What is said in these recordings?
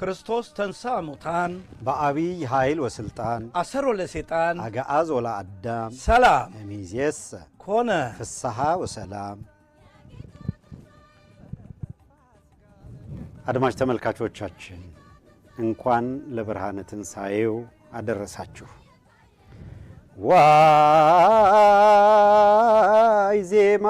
ክርስቶስ ተንሥአ እሙታን በአቢይ ኃይል ወስልጣን አሰሮ ለሴጣን አግዓዞ ለአዳም ሰላም እምይእዜሰ ኮነ ፍስሐ ወሰላም። አድማጭ ተመልካቾቻችን እንኳን ለብርሃነ ትንሣኤው አደረሳችሁ። ዋይ ዜማ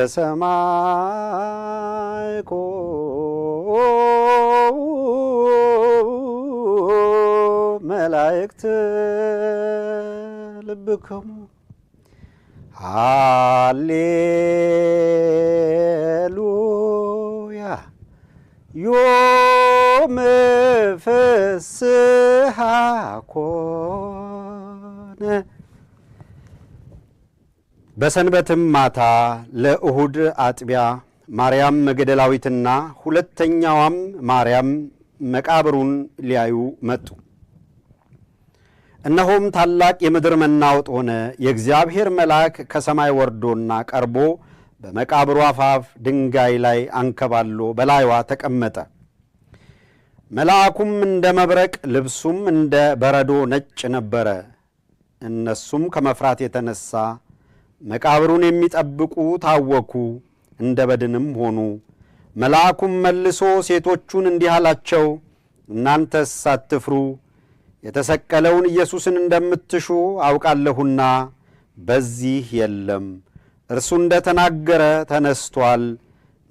ዘሰማይኮ መላእክት ልብክሙ ሃሌሉያ ዮም ፍስሓኮ በሰንበትም ማታ ለእሁድ አጥቢያ ማርያም መግደላዊትና ሁለተኛዋም ማርያም መቃብሩን ሊያዩ መጡ። እነሆም ታላቅ የምድር መናወጥ ሆነ። የእግዚአብሔር መልአክ ከሰማይ ወርዶና ቀርቦ በመቃብሩ አፋፍ ድንጋይ ላይ አንከባሎ በላይዋ ተቀመጠ። መልአኩም እንደ መብረቅ ልብሱም እንደ በረዶ ነጭ ነበረ። እነሱም ከመፍራት የተነሳ መቃብሩን የሚጠብቁ ታወኩ፣ እንደ በድንም ሆኑ። መልአኩም መልሶ ሴቶቹን እንዲህ አላቸው፣ እናንተስ ሳትፍሩ የተሰቀለውን ኢየሱስን እንደምትሹ አውቃለሁና በዚህ የለም። እርሱ እንደ ተናገረ ተነስቶአል።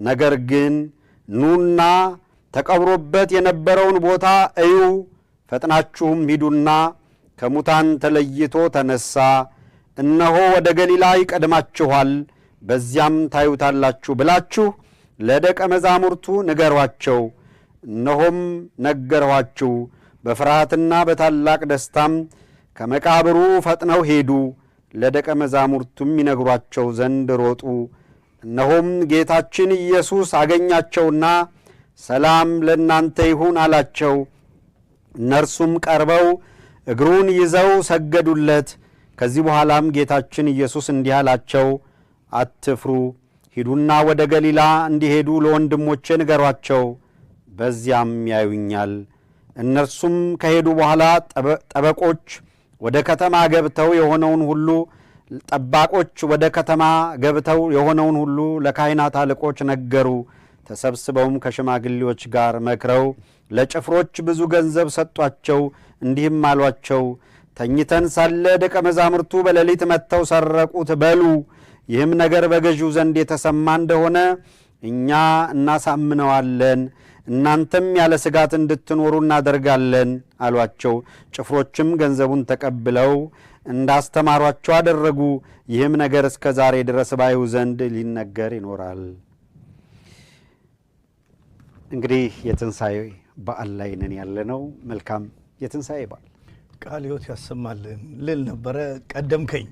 ነገር ግን ኑና ተቀብሮበት የነበረውን ቦታ እዩ፣ ፈጥናችሁም ሂዱና ከሙታን ተለይቶ ተነሳ። እነሆ ወደ ገሊላ ይቀድማችኋል፣ በዚያም ታዩታላችሁ ብላችሁ ለደቀ መዛሙርቱ ንገሯቸው። እነሆም ነገርኋችሁ። በፍርሃትና በታላቅ ደስታም ከመቃብሩ ፈጥነው ሄዱ፣ ለደቀ መዛሙርቱም ይነግሯቸው ዘንድ ሮጡ። እነሆም ጌታችን ኢየሱስ አገኛቸውና ሰላም ለእናንተ ይሁን አላቸው። እነርሱም ቀርበው እግሩን ይዘው ሰገዱለት። ከዚህ በኋላም ጌታችን ኢየሱስ እንዲህ አላቸው፣ አትፍሩ፣ ሂዱና ወደ ገሊላ እንዲሄዱ ለወንድሞቼ ንገሯቸው፣ በዚያም ያዩኛል። እነርሱም ከሄዱ በኋላ ጠበቆች ወደ ከተማ ገብተው የሆነውን ሁሉ ጠባቆች ወደ ከተማ ገብተው የሆነውን ሁሉ ለካህናት አለቆች ነገሩ። ተሰብስበውም ከሽማግሌዎች ጋር መክረው ለጭፍሮች ብዙ ገንዘብ ሰጧቸው። እንዲህም አሏቸው ተኝተን ሳለ ደቀ መዛሙርቱ በሌሊት መጥተው ሰረቁት በሉ። ይህም ነገር በገዢው ዘንድ የተሰማ እንደሆነ እኛ እናሳምነዋለን፣ እናንተም ያለ ስጋት እንድትኖሩ እናደርጋለን አሏቸው። ጭፍሮችም ገንዘቡን ተቀብለው እንዳስተማሯቸው አደረጉ። ይህም ነገር እስከ ዛሬ ድረስ ባዩ ዘንድ ሊነገር ይኖራል። እንግዲህ የትንሣኤ በዓል ላይ ነን ያለነው። መልካም የትንሣኤ በዓል ቃለ ሕይወት ያሰማልን ልል ነበረ፣ ቀደምከኝ።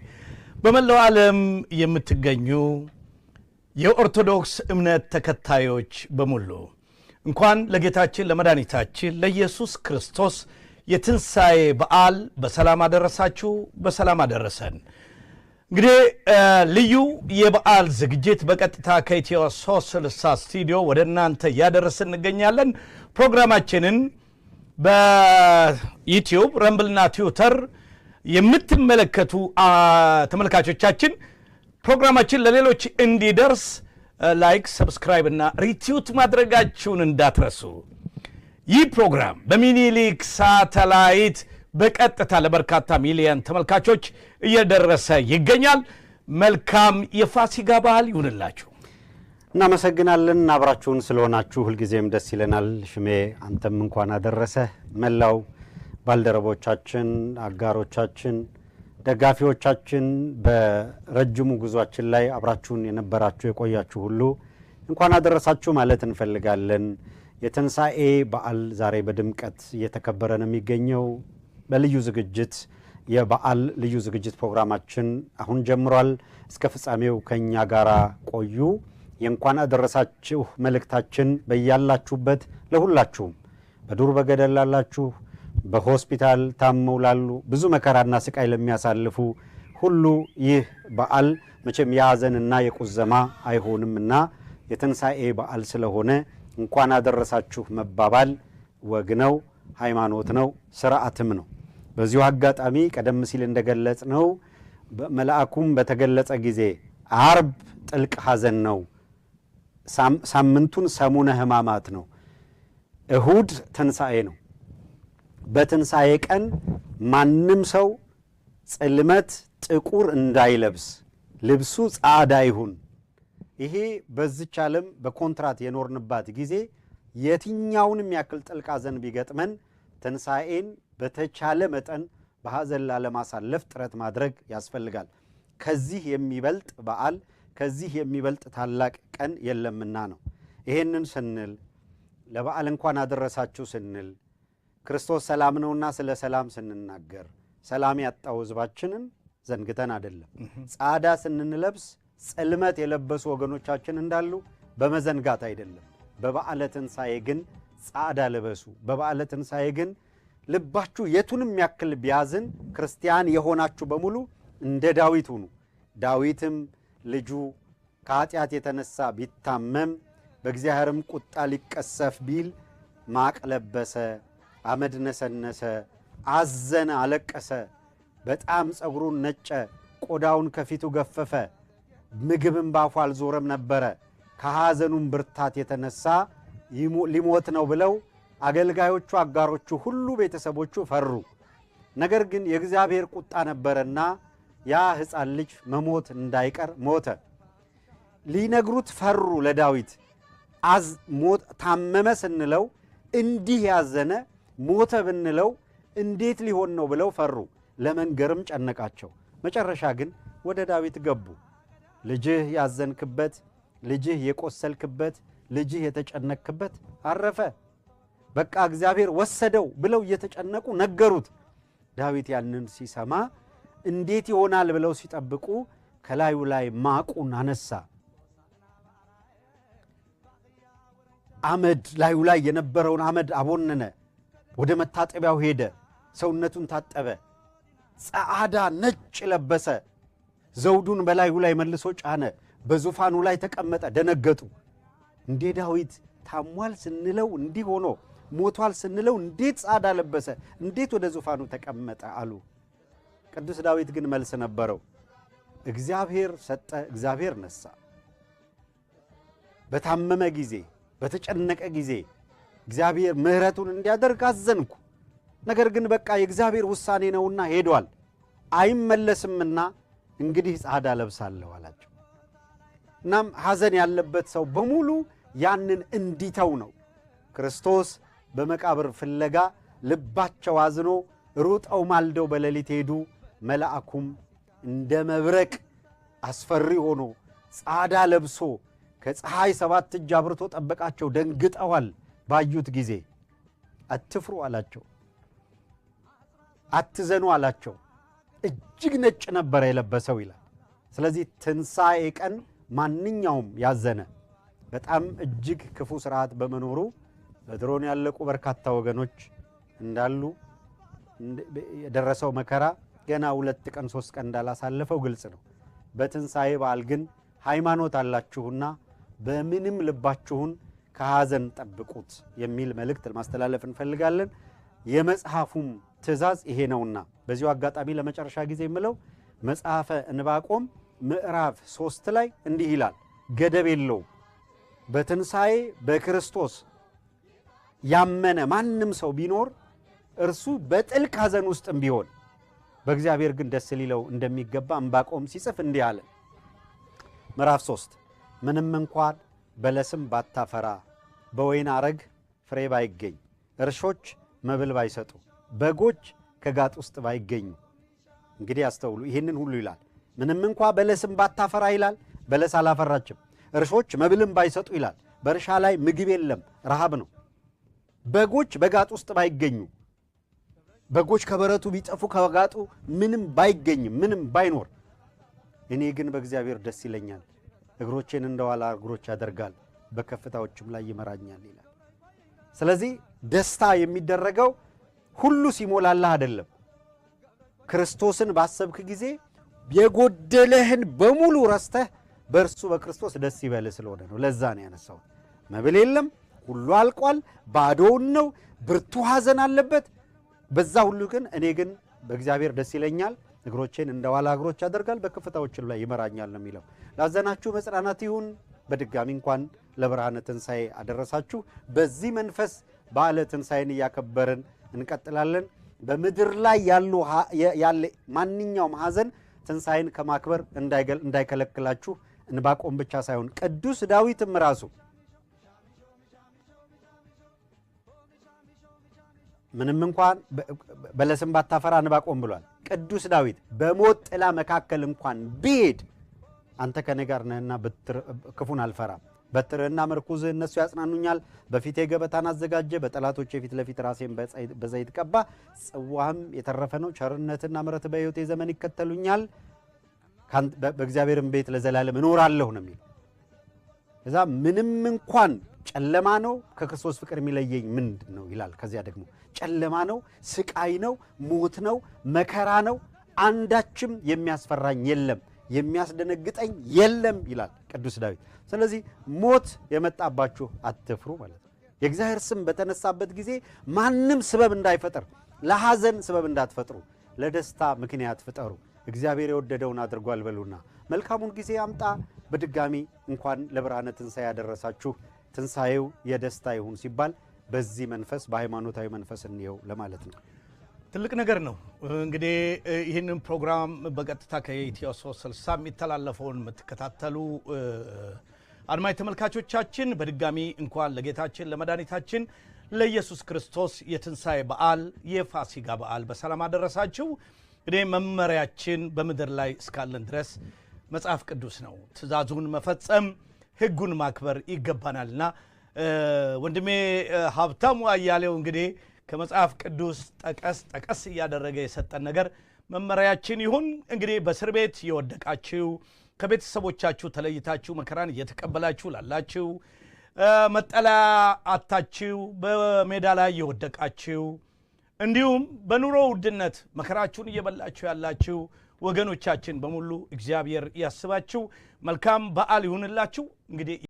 በመላው ዓለም የምትገኙ የኦርቶዶክስ እምነት ተከታዮች በሙሉ እንኳን ለጌታችን ለመድኃኒታችን ለኢየሱስ ክርስቶስ የትንሣኤ በዓል በሰላም አደረሳችሁ፣ በሰላም አደረሰን። እንግዲህ ልዩ የበዓል ዝግጅት በቀጥታ ከኢትዮ ሶስት ስልሳ ስቱዲዮ ወደ እናንተ እያደረስን እንገኛለን። ፕሮግራማችንን በዩቲዩብ ረምብልና ትዊተር የምትመለከቱ ተመልካቾቻችን ፕሮግራማችን ለሌሎች እንዲደርስ ላይክ፣ ሰብስክራይብ እና ሪትዩት ማድረጋችሁን እንዳትረሱ። ይህ ፕሮግራም በሚኒሊክ ሳተላይት በቀጥታ ለበርካታ ሚሊዮን ተመልካቾች እየደረሰ ይገኛል። መልካም የፋሲጋ በዓል ይሁንላችሁ። እናመሰግናለን። አብራችሁን ስለሆናችሁ ሁልጊዜም ደስ ይለናል። ሽሜ አንተም እንኳን አደረሰ። መላው ባልደረቦቻችን፣ አጋሮቻችን፣ ደጋፊዎቻችን በረጅሙ ጉዟችን ላይ አብራችሁን የነበራችሁ የቆያችሁ ሁሉ እንኳን አደረሳችሁ ማለት እንፈልጋለን። የትንሣኤ በዓል ዛሬ በድምቀት እየተከበረ ነው የሚገኘው። በልዩ ዝግጅት የበዓል ልዩ ዝግጅት ፕሮግራማችን አሁን ጀምሯል። እስከ ፍጻሜው ከእኛ ጋር ቆዩ። የእንኳን አደረሳችሁ መልእክታችን በያላችሁበት ለሁላችሁም በዱር በገደል ላላችሁ፣ በሆስፒታል ታመው ላሉ፣ ብዙ መከራና ስቃይ ለሚያሳልፉ ሁሉ ይህ በዓል መቼም የሐዘንና የቁዘማ አይሆንምና የትንሣኤ በዓል ስለሆነ እንኳን አደረሳችሁ መባባል ወግ ነው፣ ሃይማኖት ነው፣ ስርዓትም ነው። በዚሁ አጋጣሚ ቀደም ሲል እንደገለጽ ነው መልአኩም በተገለጸ ጊዜ አርብ ጥልቅ ሐዘን ነው ሳምንቱን ሰሙነ ሕማማት ነው። እሁድ ትንሣኤ ነው። በትንሣኤ ቀን ማንም ሰው ጽልመት ጥቁር እንዳይለብስ ልብሱ ጻዳ ይሁን። ይሄ በዚች ዓለም በኮንትራት የኖርንባት ጊዜ የትኛውንም ያክል ጥልቅ ሐዘን ቢገጥመን ትንሣኤን በተቻለ መጠን በሐዘን ላለማሳለፍ ጥረት ማድረግ ያስፈልጋል። ከዚህ የሚበልጥ በዓል ከዚህ የሚበልጥ ታላቅ ቀን የለምና ነው። ይሄንን ስንል ለበዓል እንኳን አደረሳችሁ ስንል ክርስቶስ ሰላም ነውና ስለ ሰላም ስንናገር ሰላም ያጣው ሕዝባችንን ዘንግተን አይደለም። ጻዳ ስንንለብስ ጽልመት የለበሱ ወገኖቻችን እንዳሉ በመዘንጋት አይደለም። በበዓለ ትንሣኤ ግን ጻዳ ልበሱ። በበዓለ ትንሣኤ ግን ልባችሁ የቱንም ያክል ቢያዝን ክርስቲያን የሆናችሁ በሙሉ እንደ ዳዊት ሁኑ። ዳዊትም ልጁ ከኃጢአት የተነሳ ቢታመም በእግዚአብሔርም ቁጣ ሊቀሰፍ ቢል ማቅ ለበሰ፣ አመድ ነሰነሰ፣ አዘነ፣ አለቀሰ። በጣም ጸጉሩን ነጨ፣ ቆዳውን ከፊቱ ገፈፈ፣ ምግብም ባፉ አልዞረም ነበረ። ከሐዘኑም ብርታት የተነሳ ሊሞት ነው ብለው አገልጋዮቹ፣ አጋሮቹ ሁሉ ቤተሰቦቹ ፈሩ። ነገር ግን የእግዚአብሔር ቁጣ ነበረና ያ ሕፃን ልጅ መሞት እንዳይቀር ሞተ። ሊነግሩት ፈሩ። ለዳዊት ታመመ ስንለው እንዲህ ያዘነ ሞተ ብንለው እንዴት ሊሆን ነው ብለው ፈሩ። ለመንገርም ጨነቃቸው። መጨረሻ ግን ወደ ዳዊት ገቡ። ልጅህ ያዘንክበት፣ ልጅህ የቆሰልክበት፣ ልጅህ የተጨነክበት አረፈ፣ በቃ እግዚአብሔር ወሰደው ብለው እየተጨነቁ ነገሩት። ዳዊት ያንን ሲሰማ እንዴት ይሆናል ብለው ሲጠብቁ ከላዩ ላይ ማቁን አነሳ። አመድ ላዩ ላይ የነበረውን አመድ አቦነነ። ወደ መታጠቢያው ሄደ። ሰውነቱን ታጠበ። ጸዓዳ ነጭ ለበሰ። ዘውዱን በላዩ ላይ መልሶ ጫነ። በዙፋኑ ላይ ተቀመጠ። ደነገጡ። እንዴ ዳዊት ታሟል ስንለው እንዲህ ሆኖ ሞቷል ስንለው እንዴት ጸዓዳ ለበሰ? እንዴት ወደ ዙፋኑ ተቀመጠ? አሉ። ቅዱስ ዳዊት ግን መልስ ነበረው። እግዚአብሔር ሰጠ፣ እግዚአብሔር ነሳ። በታመመ ጊዜ፣ በተጨነቀ ጊዜ እግዚአብሔር ምሕረቱን እንዲያደርግ አዘንኩ። ነገር ግን በቃ የእግዚአብሔር ውሳኔ ነውና ሄዷል፣ አይመለስምና እንግዲህ ጻዳ ለብሳለሁ አላቸው። እናም ሐዘን ያለበት ሰው በሙሉ ያንን እንዲተው ነው። ክርስቶስ በመቃብር ፍለጋ ልባቸው አዝኖ ሩጠው ማልደው በሌሊት ሄዱ። መልአኩም እንደ መብረቅ አስፈሪ ሆኖ ጻዳ ለብሶ ከፀሐይ ሰባት እጅ አብርቶ ጠበቃቸው። ደንግጠዋል። ባዩት ጊዜ አትፍሩ አላቸው፣ አትዘኑ አላቸው። እጅግ ነጭ ነበረ የለበሰው ይላል። ስለዚህ ትንሣኤ ቀን ማንኛውም ያዘነ በጣም እጅግ ክፉ ስርዓት በመኖሩ በድሮን ያለቁ በርካታ ወገኖች እንዳሉ የደረሰው መከራ ገና ሁለት ቀን ሶስት ቀን እንዳላሳለፈው ግልጽ ነው። በትንሣኤ በዓል ግን ሃይማኖት አላችሁና በምንም ልባችሁን ከሐዘን ጠብቁት የሚል መልእክት ለማስተላለፍ እንፈልጋለን። የመጽሐፉም ትእዛዝ ይሄ ነውና በዚሁ አጋጣሚ ለመጨረሻ ጊዜ የምለው መጽሐፈ እንባቆም ምዕራፍ ሶስት ላይ እንዲህ ይላል፣ ገደብ የለው በትንሣኤ በክርስቶስ ያመነ ማንም ሰው ቢኖር እርሱ በጥልቅ ሐዘን ውስጥም ቢሆን በእግዚአብሔር ግን ደስ ሊለው እንደሚገባ ዕንባቆም ሲጽፍ እንዲህ አለ። ምዕራፍ 3 ምንም እንኳን በለስም ባታፈራ በወይን አረግ ፍሬ ባይገኝ እርሾች መብል ባይሰጡ በጎች ከጋጥ ውስጥ ባይገኙ። እንግዲህ አስተውሉ፣ ይህንን ሁሉ ይላል። ምንም እንኳ በለስም ባታፈራ ይላል። በለስ አላፈራችም። እርሾች መብልም ባይሰጡ ይላል። በእርሻ ላይ ምግብ የለም፣ ረሃብ ነው። በጎች በጋጥ ውስጥ ባይገኙ በጎች ከበረቱ ቢጠፉ ከጋጡ ምንም ባይገኝም ምንም ባይኖር፣ እኔ ግን በእግዚአብሔር ደስ ይለኛል፣ እግሮቼን እንደዋላ እግሮች ያደርጋል፣ በከፍታዎችም ላይ ይመራኛል ይላል። ስለዚህ ደስታ የሚደረገው ሁሉ ሲሞላልህ አይደለም። ክርስቶስን ባሰብክ ጊዜ የጎደለህን በሙሉ ረስተህ በእርሱ በክርስቶስ ደስ ይበልህ ስለሆነ ነው። ለዛ ነው ያነሳው። መብል የለም፣ ሁሉ አልቋል፣ ባዶውን ነው፣ ብርቱ ሐዘን አለበት በዛ ሁሉ ግን እኔ ግን በእግዚአብሔር ደስ ይለኛል፣ እግሮቼን እንደ ዋላ እግሮች ያደርጋል፣ በከፍታዎች ላይ ይመራኛል ነው የሚለው። ላዘናችሁ መጽናናት ይሁን። በድጋሚ እንኳን ለብርሃነ ትንሣኤ አደረሳችሁ። በዚህ መንፈስ በዓለ ትንሣኤን እያከበርን እንቀጥላለን። በምድር ላይ ያለ ማንኛውም ሐዘን ትንሣኤን ከማክበር እንዳይከለክላችሁ። እንባቆም ብቻ ሳይሆን ቅዱስ ዳዊትም ራሱ ምንም እንኳን በለስም ባታፈራ ንብ ብሏል ቅዱስ ዳዊት። በሞት ጥላ መካከል እንኳን ብሄድ አንተ ከኔ ጋር ነህና ክፉን አልፈራም። በትርህና ምርኩዝህ እነሱ ያጽናኑኛል። በፊቴ ገበታን አዘጋጀ፣ በጠላቶች የፊት ለፊት ራሴን በዘይት ቀባ። ጽዋህም የተረፈ ነው። ቸርነትና ምረት በሕይወቴ ዘመን ይከተሉኛል። በእግዚአብሔርም ቤት ለዘላለም እኖራለሁ ነው የሚል እዛ ምንም እንኳን ጨለማ ነው። ከክርስቶስ ፍቅር የሚለየኝ ምንድን ነው ይላል። ከዚያ ደግሞ ጨለማ ነው፣ ስቃይ ነው፣ ሞት ነው፣ መከራ ነው፣ አንዳችም የሚያስፈራኝ የለም፣ የሚያስደነግጠኝ የለም ይላል ቅዱስ ዳዊት። ስለዚህ ሞት የመጣባችሁ አትፍሩ ማለት ነው። የእግዚአብሔር ስም በተነሳበት ጊዜ ማንም ስበብ እንዳይፈጥር፣ ለሐዘን ስበብ እንዳትፈጥሩ፣ ለደስታ ምክንያት ፍጠሩ። እግዚአብሔር የወደደውን አድርጓል በሉና መልካሙን ጊዜ አምጣ። በድጋሚ እንኳን ለብርሃነ ትንሣኤ ያደረሳችሁ ትንሣኤው የደስታ ይሁን ሲባል በዚህ መንፈስ በሃይማኖታዊ መንፈስ እንየው ለማለት ነው። ትልቅ ነገር ነው። እንግዲህ ይህንን ፕሮግራም በቀጥታ ከኢትዮ 360 የሚተላለፈውን የምትከታተሉ አድማጭ ተመልካቾቻችን በድጋሚ እንኳን ለጌታችን ለመድኃኒታችን ለኢየሱስ ክርስቶስ የትንሣኤ በዓል የፋሲጋ በዓል በሰላም አደረሳችሁ። እኔ መመሪያችን በምድር ላይ እስካለን ድረስ መጽሐፍ ቅዱስ ነው። ትእዛዙን መፈጸም ህጉን ማክበር ይገባናልና ወንድሜ ሀብታሙ አያሌው እንግዲህ ከመጽሐፍ ቅዱስ ጠቀስ ጠቀስ እያደረገ የሰጠን ነገር መመሪያችን ይሁን። እንግዲህ በእስር ቤት የወደቃችሁ ከቤተሰቦቻችሁ ተለይታችሁ መከራን እየተቀበላችሁ ላላችሁ፣ መጠለያ አታችሁ በሜዳ ላይ የወደቃችሁ፣ እንዲሁም በኑሮ ውድነት መከራችሁን እየበላችሁ ያላችሁ ወገኖቻችን በሙሉ እግዚአብሔር ያስባችሁ። መልካም በዓል ይሁንላችሁ። እንግዲህ